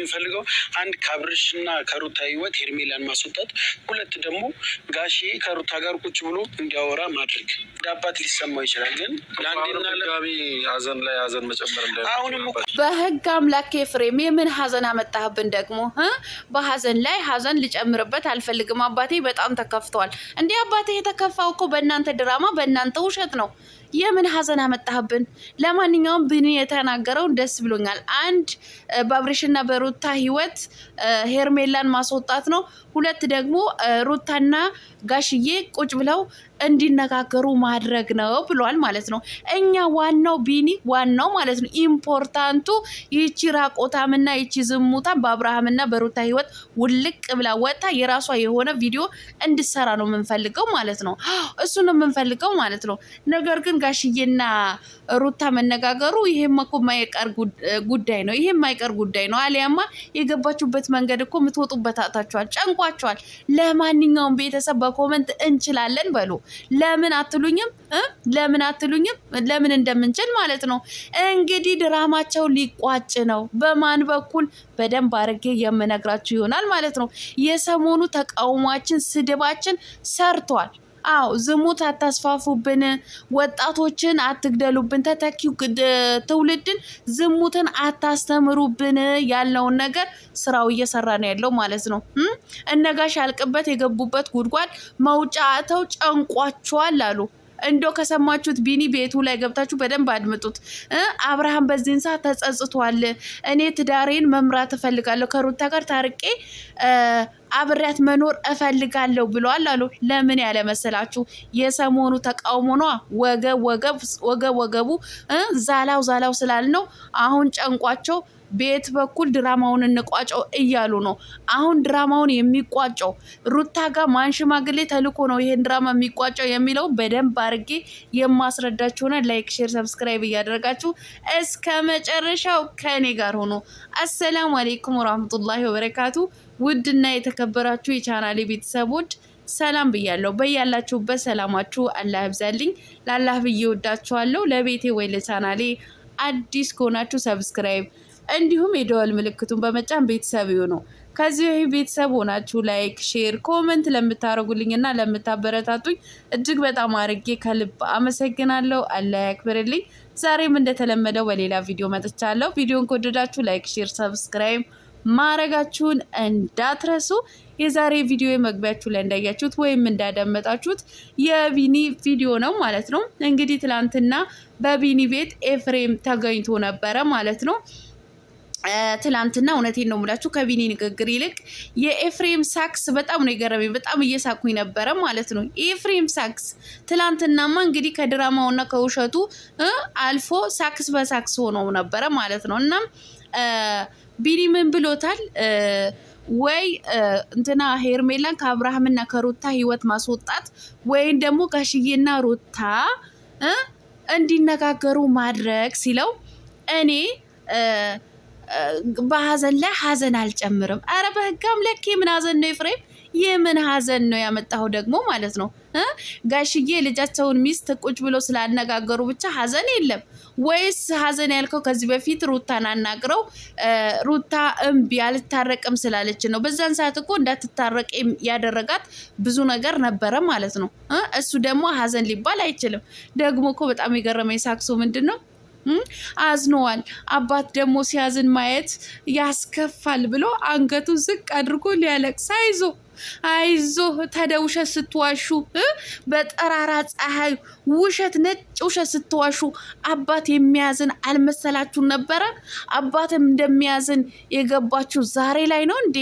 የምፈልገው አንድ ከአብርሽና ከሩታ ህይወት ሄርሜላን ማስወጣት፣ ሁለት ደግሞ ጋሼ ከሩታ ጋር ቁጭ ብሎ እንዲያወራ ማድረግ ዳባት ሊሰማው ይችላል። ግን ለአንዴና ሀዘን ላይ ሀዘን መጨመር አሁንም በህግ አምላክ ኤፍሬም የምን ሀዘን አመጣህብን? ደግሞ በሀዘን ላይ ሀዘን ልጨምርበት አልፈልግም። አባቴ በጣም ተከፍተዋል። እንዲህ አባቴ የተከፋው እኮ በእናንተ ድራማ በእናንተ ውሸት ነው። የምን ሀዘን አመጣህብን? ለማንኛውም ብን የተናገረውን ደስ ብሎኛል። አንድ በአብሬሽና በሩ የሩታ ህይወት ሄርሜላን ማስወጣት ነው። ሁለት ደግሞ ሩታና ጋሽዬ ቁጭ ብለው እንዲነጋገሩ ማድረግ ነው ብሏል ማለት ነው። እኛ ዋናው ቢኒ ዋናው ማለት ነው ኢምፖርታንቱ ይቺ ራቆታምና ይቺ ዝሙታም በአብርሃምና በሩታ ህይወት ውልቅ ብላ ወጥታ የራሷ የሆነ ቪዲዮ እንድሰራ ነው የምንፈልገው ማለት ነው። እሱ ነው የምንፈልገው ማለት ነው። ነገር ግን ጋሽዬና ሩታ መነጋገሩ ይሄማ እኮ የማይቀር ጉዳይ ነው። ይሄ የማይቀር ጉዳይ ነው። አሊያማ የገባችሁበት መንገድ እኮ የምትወጡበት አጣችኋል፣ ጨንቋችኋል። ለማንኛውም ቤተሰብ በኮመንት እንችላለን በሉ። ለምን አትሉኝም? ለምን አትሉኝም? ለምን እንደምንችል ማለት ነው። እንግዲህ ድራማቸው ሊቋጭ ነው። በማን በኩል በደንብ አድርጌ የምነግራችሁ ይሆናል ማለት ነው። የሰሞኑ ተቃውሟችን፣ ስድባችን ሰርቷል። አዎ ዝሙት አታስፋፉብን፣ ወጣቶችን አትግደሉብን፣ ተተኪው ትውልድን ዝሙትን አታስተምሩብን ያለውን ነገር ስራው እየሰራ ነው ያለው ማለት ነው። እነጋሽ ያልቅበት የገቡበት ጉድጓድ መውጫ አተው ጨንቋቸዋል አሉ። እንዶ ከሰማችሁት ቢኒ ቤቱ ላይ ገብታችሁ በደንብ አድምጡት። አብርሃም በዚህን ሰዓት ተጸጽቷል። እኔ ትዳሬን መምራት እፈልጋለሁ ከሩታ ጋር ታርቄ አብሬያት መኖር እፈልጋለሁ ብለዋል አሉ። ለምን ያለ መሰላችሁ? የሰሞኑ ተቃውሞ ነዋ። ወገብ ወገብ ወገብ ወገቡ ዛላው ዛላው ስላልነው አሁን ጨንቋቸው ቤት በኩል ድራማውን እንቋጨው እያሉ ነው። አሁን ድራማውን የሚቋጨው ሩታ ጋር ማን ሽማግሌ ተልኮ ነው ይሄን ድራማ የሚቋጨው የሚለው በደንብ አድርጌ ሆነ። ላይክ፣ ሼር፣ ሰብስክራይብ እያደረጋችሁ እስከ መጨረሻው ከእኔ ጋር ሆኖ አሰላሙ አሌይኩም ወራህመቱላሂ ወበረካቱ ውድና የተከበራችሁ የቻናሌ ቤተሰቦች ሰላም ብያለሁ። በያላችሁበት ሰላማችሁ አላህ ይብዛልኝ። ላላህ ብዬ ወዳችኋለሁ። ለቤቴ ወይ ለቻናሌ አዲስ ከሆናችሁ ሰብስክራይብ እንዲሁም የደወል ምልክቱን በመጫን ቤተሰብ ይሁኑ። ከዚህ በፊት ቤተሰብ ሆናችሁ ላይክ፣ ሼር፣ ኮመንት ለምታደርጉልኝ እና ለምታበረታቱኝ እጅግ በጣም አርጌ ከልብ አመሰግናለሁ። አላህ ያክብርልኝ። ዛሬም እንደተለመደው በሌላ ቪዲዮ መጥቻለሁ። ቪዲዮን ከወደዳችሁ ላይክ፣ ሼር፣ ሰብስክራይብ ማረጋችሁን እንዳትረሱ። የዛሬ ቪዲዮ መግቢያችሁ ላይ እንዳያችሁት ወይም እንዳዳመጣችሁት የቢኒ ቪዲዮ ነው ማለት ነው። እንግዲህ ትላንትና በቢኒ ቤት ኤፍሬም ተገኝቶ ነበረ ማለት ነው። ትላንትና እውነቴን ነው የምላችሁ ከቢኒ ንግግር ይልቅ የኤፍሬም ሳክስ በጣም ነው የገረመኝ። በጣም እየሳኩኝ ነበረ ማለት ነው። የኤፍሬም ሳክስ ትላንትናማ እንግዲህ ከድራማውና ከውሸቱ አልፎ ሳክስ በሳክስ ሆኖ ነበረ ማለት ነው እናም ቢኒ ምን ብሎታል? ወይ እንትና ሄርሜላን ከአብርሃምና ከሩታ ህይወት ማስወጣት ወይም ደግሞ ጋሽዬና ሩታ እንዲነጋገሩ ማድረግ ሲለው እኔ በሀዘን ላይ ሀዘን አልጨምርም። አረ በህግ አምላኬ ምን ሀዘን ነው ኤፍሬም የምን ሀዘን ነው ያመጣው ደግሞ ማለት ነው። ጋሽዬ ልጃቸውን ሚስት ቁጭ ብሎ ስላነጋገሩ ብቻ ሀዘን የለም ወይስ? ሀዘን ያልከው ከዚህ በፊት ሩታን አናግረው ሩታ እምቢ አልታረቅም ስላለች ነው። በዛን ሰዓት እኮ እንዳትታረቅ ያደረጋት ብዙ ነገር ነበረ ማለት ነው። እሱ ደግሞ ሀዘን ሊባል አይችልም። ደግሞ እኮ በጣም የገረመኝ ሳክሶ ምንድን ነው አዝነዋል። አባት ደግሞ ሲያዝን ማየት ያስከፋል ብሎ አንገቱን ዝቅ አድርጎ ሊያለቅስ አይዞ አይዞ ታዲያ ውሸት ስትዋሹ በጠራራ ፀሐይ ውሸት ነጭ ውሸት ስትዋሹ አባት የሚያዝን አልመሰላችሁ ነበረ? አባትም እንደሚያዝን የገባችሁ ዛሬ ላይ ነው እንዴ?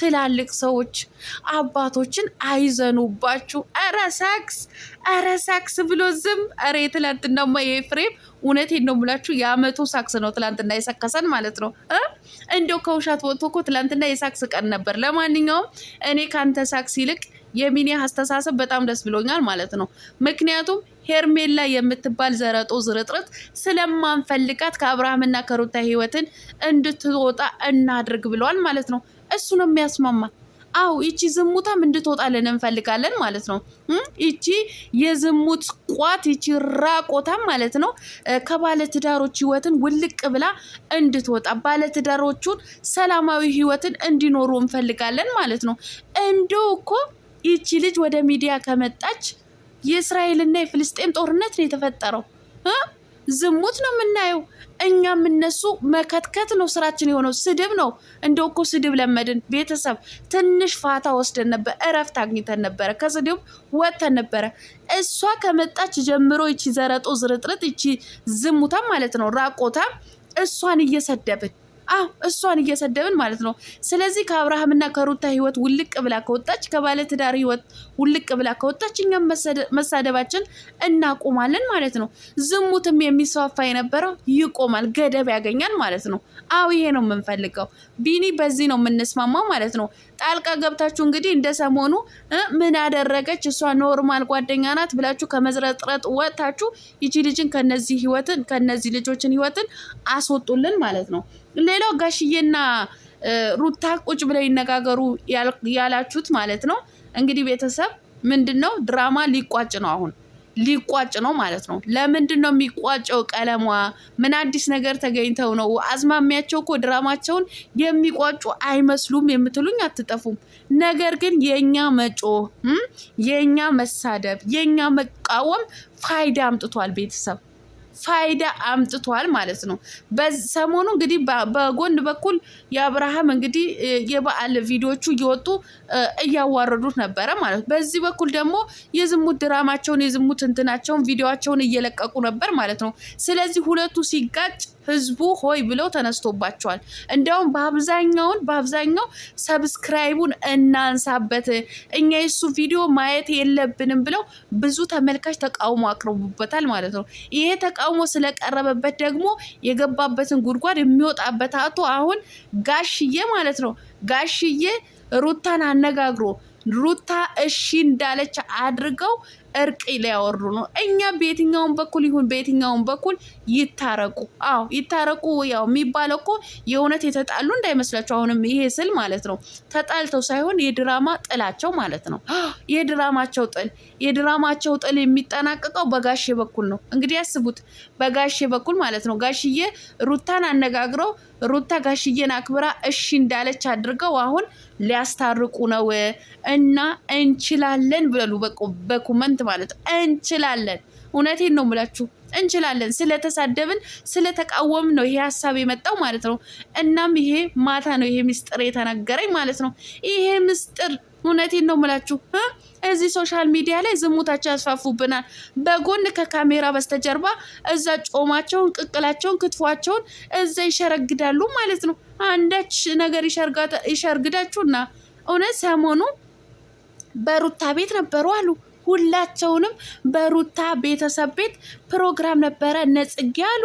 ትላልቅ ሰዎች አባቶችን አይዘኑባችሁ። ኧረ ሳክስ ኧረ ሳክስ ብሎ ዝም ኧረ የትላንትናማ የኤፍሬም እውነቴን ነው የምላችሁ የአመቱ ሳክስ ነው ትላንትና የሰከሰን ማለት ነው። እንደው ከውሻት ወጥቶ እኮ ትላንትና የሳክስ ቀን ነበር። ለማንኛውም እኔ ከአንተ ሳክስ ይልቅ የሚኒ አስተሳሰብ በጣም ደስ ብሎኛል ማለት ነው። ምክንያቱም ሄርሜላ የምትባል ዘረጦ ዝርጥርት ስለማንፈልጋት ከአብርሃምና ከሩታ ህይወትን እንድትወጣ እናድርግ ብለዋል ማለት ነው። እሱ ነው የሚያስማማ። አዎ ይቺ ዝሙታም እንድትወጣልን እንፈልጋለን ማለት ነው። ይቺ የዝሙት ቋት ይቺ ራቆታም ማለት ነው ከባለትዳሮች ህይወትን ውልቅ ብላ እንድትወጣ ባለትዳሮቹን ሰላማዊ ህይወትን እንዲኖሩ እንፈልጋለን ማለት ነው። እንደው እኮ ይቺ ልጅ ወደ ሚዲያ ከመጣች የእስራኤልና የፍልስጤም ጦርነት ነው የተፈጠረው። ዝሙት ነው የምናየው። እኛም እነሱ መከትከት ነው ስራችን የሆነው። ስድብ ነው እንደው እኮ ስድብ ለመድን። ቤተሰብ ትንሽ ፋታ ወስደን ነበር፣ እረፍት አግኝተን ነበረ፣ ከስድብ ወጥተን ነበረ። እሷ ከመጣች ጀምሮ ይቺ ዘረጦ ዝርጥርጥ፣ ይቺ ዝሙታ ማለት ነው ራቆታ፣ እሷን እየሰደብን አዎ እሷን እየሰደብን ማለት ነው። ስለዚህ ከአብርሃምና ከሩታ ህይወት ውልቅ ብላ ከወጣች፣ ከባለትዳር ህይወት ውልቅ ብላ ከወጣች እኛም መሳደባችን እናቆማለን ማለት ነው። ዝሙትም የሚስፋፋ የነበረው ይቆማል፣ ገደብ ያገኛል ማለት ነው። አዎ ይሄ ነው የምንፈልገው። ቢኒ በዚህ ነው የምንስማማው ማለት ነው። ጣልቃ ገብታችሁ እንግዲህ እንደ ሰሞኑ ምን ያደረገች እሷ ኖርማል ጓደኛ ናት ብላችሁ ከመዝረጥረጥ ወጥታችሁ ይቺ ልጅን ከነዚህ ህይወትን ከነዚህ ልጆችን ህይወትን አስወጡልን ማለት ነው። ሌላው ጋሽዬና ሩታ ቁጭ ብለው ይነጋገሩ ያላችሁት ማለት ነው። እንግዲህ ቤተሰብ ምንድን ነው ድራማ ሊቋጭ ነው አሁን ሊቋጭ ነው ማለት ነው። ለምንድን ነው የሚቋጨው? ቀለሟ ምን አዲስ ነገር ተገኝተው ነው? አዝማሚያቸው እኮ ድራማቸውን የሚቋጩ አይመስሉም የምትሉኝ አትጠፉም። ነገር ግን የእኛ መጮህ፣ የእኛ መሳደብ፣ የእኛ መቃወም ፋይዳ አምጥቷል ቤተሰብ ፋይዳ አምጥቷል ማለት ነው። ሰሞኑ እንግዲህ በጎን በኩል የአብርሃም እንግዲህ የበዓል ቪዲዮቹ እየወጡ እያዋረዱት ነበረ ማለት ነው። በዚህ በኩል ደግሞ የዝሙት ድራማቸውን የዝሙት እንትናቸውን ቪዲዮቸውን እየለቀቁ ነበር ማለት ነው። ስለዚህ ሁለቱ ሲጋጭ ህዝቡ ሆይ ብለው ተነስቶባቸዋል። እንዲያውም በአብዛኛውን በአብዛኛው ሰብስክራይቡን እናንሳበት እኛ የሱ ቪዲዮ ማየት የለብንም ብለው ብዙ ተመልካች ተቃውሞ አቅርቡበታል ማለት ነው። ይሄ ተቃውሞ ስለቀረበበት ደግሞ የገባበትን ጉድጓድ የሚወጣበት አቶ አሁን ጋሽዬ ማለት ነው ጋሽዬ ሩታን አነጋግሮ ሩታ እሺ እንዳለች አድርገው እርቅ ሊያወሩ ነው። እኛ በየትኛውን በኩል ይሁን በየትኛውን በኩል ይታረቁ፣ አዎ ይታረቁ። ያው የሚባለው እኮ የእውነት የተጣሉ እንዳይመስላቸው። አሁንም ይሄ ስል ማለት ነው ተጣልተው ሳይሆን የድራማ ጥላቸው ማለት ነው የድራማቸው ጥል የድራማቸው ጥል የሚጠናቀቀው በጋሼ በኩል ነው። እንግዲህ ያስቡት፣ በጋሼ በኩል ማለት ነው። ጋሽዬ ሩታን አነጋግረው ሩታ ጋሽዬን አክብራ እሺ እንዳለች አድርገው አሁን ሊያስታርቁ ነው እና እንችላለን ብለሉ በኮመንት ማለት ነው። እንችላለን። እውነቴን ነው ምላችሁ እንችላለን ስለተሳደብን ስለተቃወምን ነው ይሄ ሀሳብ የመጣው ማለት ነው። እናም ይሄ ማታ ነው ይሄ ምስጢር የተነገረኝ ማለት ነው ይሄ ምስጢር እውነቴን ነው የምላችሁ። እዚህ ሶሻል ሚዲያ ላይ ዝሙታቸው ያስፋፉብናል። በጎን ከካሜራ በስተጀርባ እዛ ጮማቸውን፣ ቅቅላቸውን፣ ክትፏቸውን እዛ ይሸረግዳሉ ማለት ነው። አንዳች ነገር ይሸርግዳችሁና እውነት ሰሞኑ በሩታ ቤት ነበሩ አሉ ሁላቸውንም በሩታ ቤተሰብ ቤት ፕሮግራም ነበረ። ነጽጌ ያሉ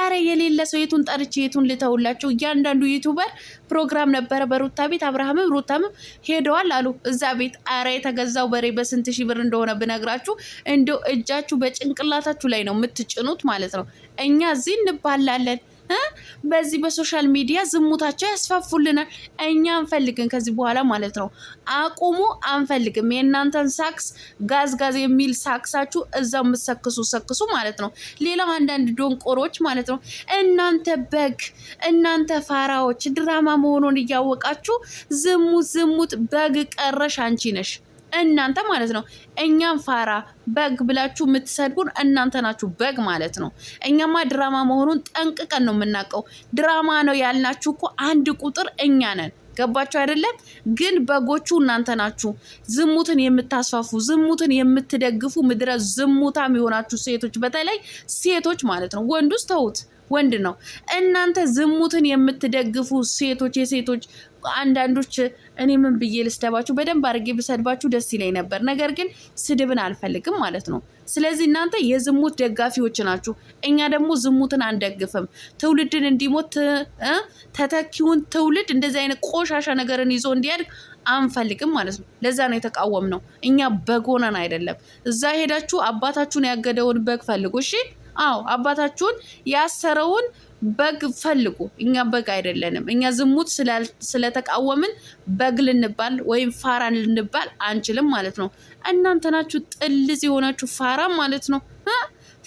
አረ የሌለ ሰው የቱን ጠርቼ የቱን ልተውላቸው። እያንዳንዱ ዩቱበር ፕሮግራም ነበረ በሩታ ቤት። አብርሃምም ሩታምም ሄደዋል አሉ እዛ ቤት። አረ የተገዛው በሬ በስንት ሺ ብር እንደሆነ ብነግራችሁ እንደው እጃችሁ በጭንቅላታችሁ ላይ ነው የምትጭኑት ማለት ነው። እኛ እዚህ እንባላለን። በዚህ በሶሻል ሚዲያ ዝሙታቸው ያስፋፉልናል። እኛ አንፈልግን ከዚህ በኋላ ማለት ነው። አቁሙ፣ አንፈልግም የእናንተን ሳክስ ጋዝ ጋዝ የሚል ሳክሳችሁ እዛ የምትሰክሱ ሰክሱ ማለት ነው። ሌላው አንዳንድ ዶንቆሮች ማለት ነው እናንተ በግ እናንተ ፋራዎች ድራማ መሆኑን እያወቃችሁ ዝሙት ዝሙት በግ ቀረሽ አንቺ ነሽ። እናንተ ማለት ነው። እኛም ፋራ በግ ብላችሁ የምትሰድቡን እናንተ ናችሁ፣ በግ ማለት ነው። እኛማ ድራማ መሆኑን ጠንቅቀን ነው የምናውቀው። ድራማ ነው ያልናችሁ እኮ አንድ ቁጥር እኛ ነን። ገባችሁ አይደለም? ግን በጎቹ እናንተ ናችሁ። ዝሙትን የምታስፋፉ፣ ዝሙትን የምትደግፉ ምድረ ዝሙታም የሆናችሁ ሴቶች፣ በተለይ ሴቶች ማለት ነው። ወንዱስ ተውት፣ ወንድ ነው። እናንተ ዝሙትን የምትደግፉ ሴቶች የሴቶች አንዳንዶች እኔ ምን ብዬ ልስደባችሁ? በደንብ አድርጌ ብሰድባችሁ ደስ ይለኝ ነበር፣ ነገር ግን ስድብን አልፈልግም ማለት ነው። ስለዚህ እናንተ የዝሙት ደጋፊዎች ናችሁ፣ እኛ ደግሞ ዝሙትን አንደግፍም። ትውልድን እንዲሞት ተተኪውን ትውልድ እንደዚህ አይነት ቆሻሻ ነገርን ይዞ እንዲያድግ አንፈልግም ማለት ነው። ለዛ ነው የተቃወም ነው። እኛ በጎነን አይደለም። እዛ ሄዳችሁ አባታችሁን ያገደውን በግ ፈልጉ። እሺ፣ አዎ አባታችሁን ያሰረውን በግ ፈልጉ። እኛ በግ አይደለንም። እኛ ዝሙት ስለተቃወምን በግ ልንባል ወይም ፋራ ልንባል አንችልም ማለት ነው። እናንተ ናችሁ ጥልዝ የሆናችሁ ፋራ ማለት ነው።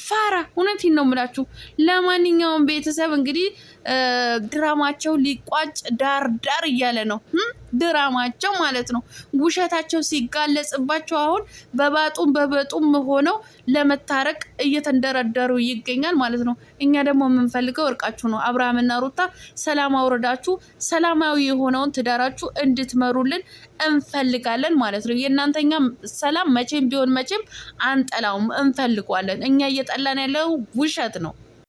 ፋራ እውነት ነው የምላችሁ። ለማንኛውም ቤተሰብ እንግዲህ ድራማቸው ሊቋጭ ዳር ዳር እያለ ነው። ድራማቸው ማለት ነው። ውሸታቸው ሲጋለጽባቸው አሁን በባጡም በበጡም ሆነው ለመታረቅ እየተንደረደሩ ይገኛል ማለት ነው። እኛ ደግሞ የምንፈልገው እርቃችሁ ነው። አብርሃምና ሩታ ሰላም አውረዳችሁ ሰላማዊ የሆነውን ትዳራችሁ እንድትመሩልን እንፈልጋለን ማለት ነው። የእናንተኛ ሰላም መቼም ቢሆን መቼም አንጠላውም፣ እንፈልጓለን። እኛ እየጠላን ያለው ውሸት ነው።